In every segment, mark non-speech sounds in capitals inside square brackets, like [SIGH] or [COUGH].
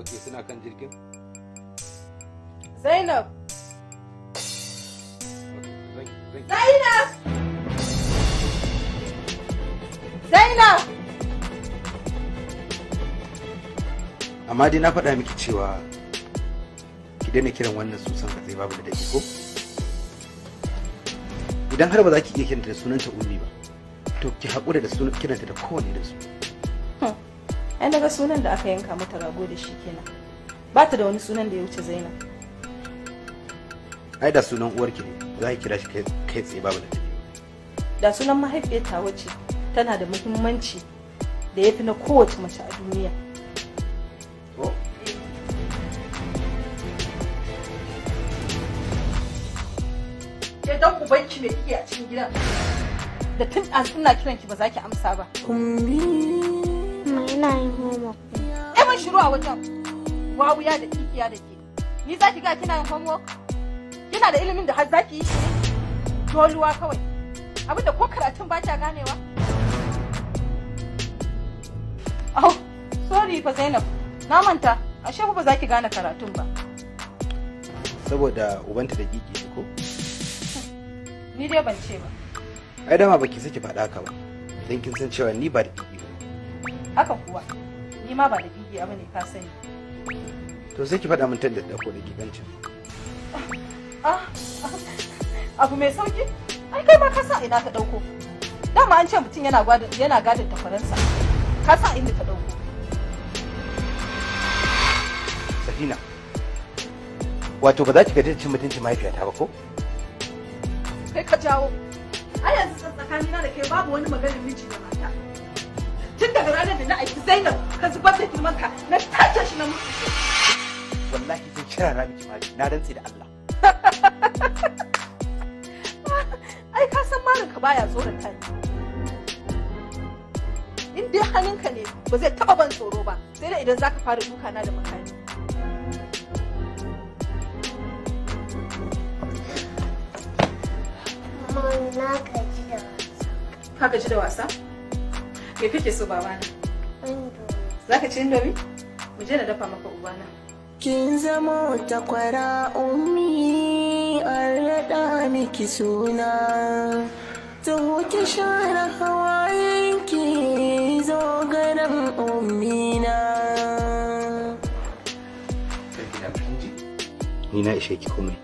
Okay, suna kan jirgin zainab zainab zainab amma dai na faɗa miki cewa ki daina kiran wannan susan katsai babu da dake ko idan har ba za ki iya kiranta da sunanta ummi ba to ki haƙura da sunanta da kowane da su ai daga sunan da aka yanka mata rago da shi kenan ba ta da wani sunan da ya wuce zainab ai da sunan uwar ki za ki kira shi kai tsaye babu da da sunan mahaifiyar ta wace tana da muhimmanci da ya fi na kowace mace a duniya oh. ke ubanki mai iya a cikin gidan da tun ina kiran ki ba za ki amsa ba. Kumbi. ina yin homework Eh mun shiru a wajen wawuya da kikiya da ke ni za ki ga kina yin homework kina da ilimin da har zaki yi doluwa kawai abinda ko karatun ba ta ganewa au sorry fa zainab na manta ashe ba za ki gane karatun ba saboda ubanta da kiki ko ni dai ban ce ba ai dama baki saki faɗa ka ba don kin san cewa ni ba da kiki haka kuwa ni ma ba da gigiya bane ka sani to sai ki faɗa min tanda da ko da gigancin ah, ah, abu mai sauki ai kai ma ka sa ina ka dauko dama an ce mutum yana gadin yana gadin faransa ka sa inda ta dauko safina wato ba za ki gadi cin mutunci mahaifiyata ba ko kai ka jawo ai yanzu tsakanina da ke babu wani maganin miji da mata tun daga ranar da na aiki zainab ka zubar da girmanka na tace shi na mutu wallahi zan kira na miki mali na rantse da Allah [LAUGHS] ai ka san malin ka baya tsorata ni in dai hannunka ne ba zai taba ban tsoro ba sai da idan zaka fara duka na da makani Mama na gaji da Ka gaji da wasa? Me kake so babana? Za ka ci indomi? Mu je na dafa maka ubana. Kin zama ta kwara ummi an raɗa miki suna. Taho ki share ki zo garin ummina. Ni na ishe ki komai.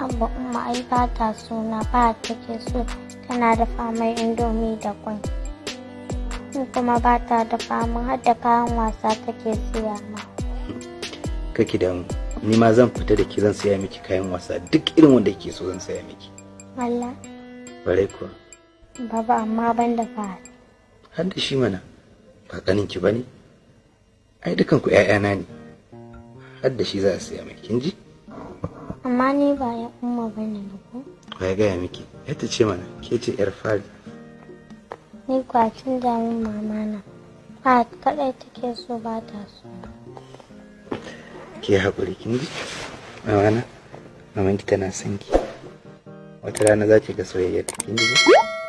Amma umma ai ba ta suna ba take so tana dafa mai indomi da kwai. ni kuma ba ta dafa min har da kayan wasa take siya ma kake damu ni ma zan fita da ke zan saya miki kayan wasa duk irin wanda ke so zan saya miki Allah bare kuwa baba amma ban da fa har da shi mana ba kanin ki bane ai dukan ku ƴaƴana ne har da shi za a siya miki kin ji amma ni ba ya umma bane ba ko ya gaya miki yadda ce mana ke ce yar fari ni kwacin damun mama na ba kadai take so ba ta so ke haƙuri kin ji mama na maman tana son ki wata rana za ki ga soyayya kin ji